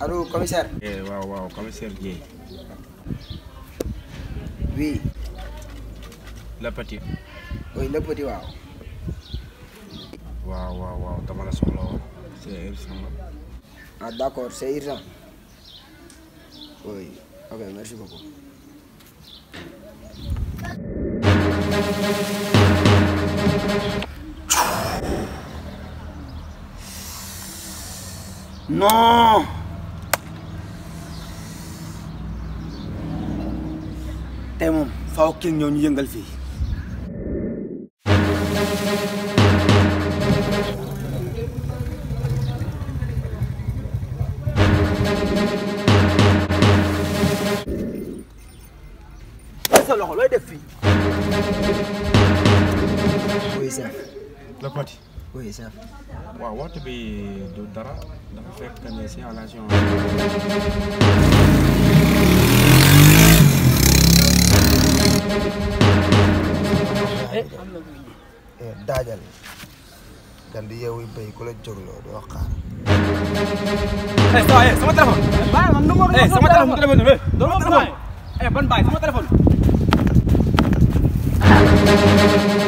Allô, commissaire eh, waaw waaw commissaire Dieye oui Le Petit oui Le Petit waaw waaw waaw waaw dama la soxla woon c'est urgent. Ah d'accord, c'est urgent. Oui. Ok, merci beaucoup. Non. tey moom faaw kenn ñëw ñu yëngal fii. sa loxo looy def fii. oui chef. la Pati. oui chef. waaw waxtu bi du dara dafa fekk ne signalation. Eh, eh, daajal. gan di yeewu béy ku la jógloo doo xaar. eh sa waay sama téléphone. waaw man nu ma ko sama téléphone eh sama téléphone. eh ban baay sama téléphone.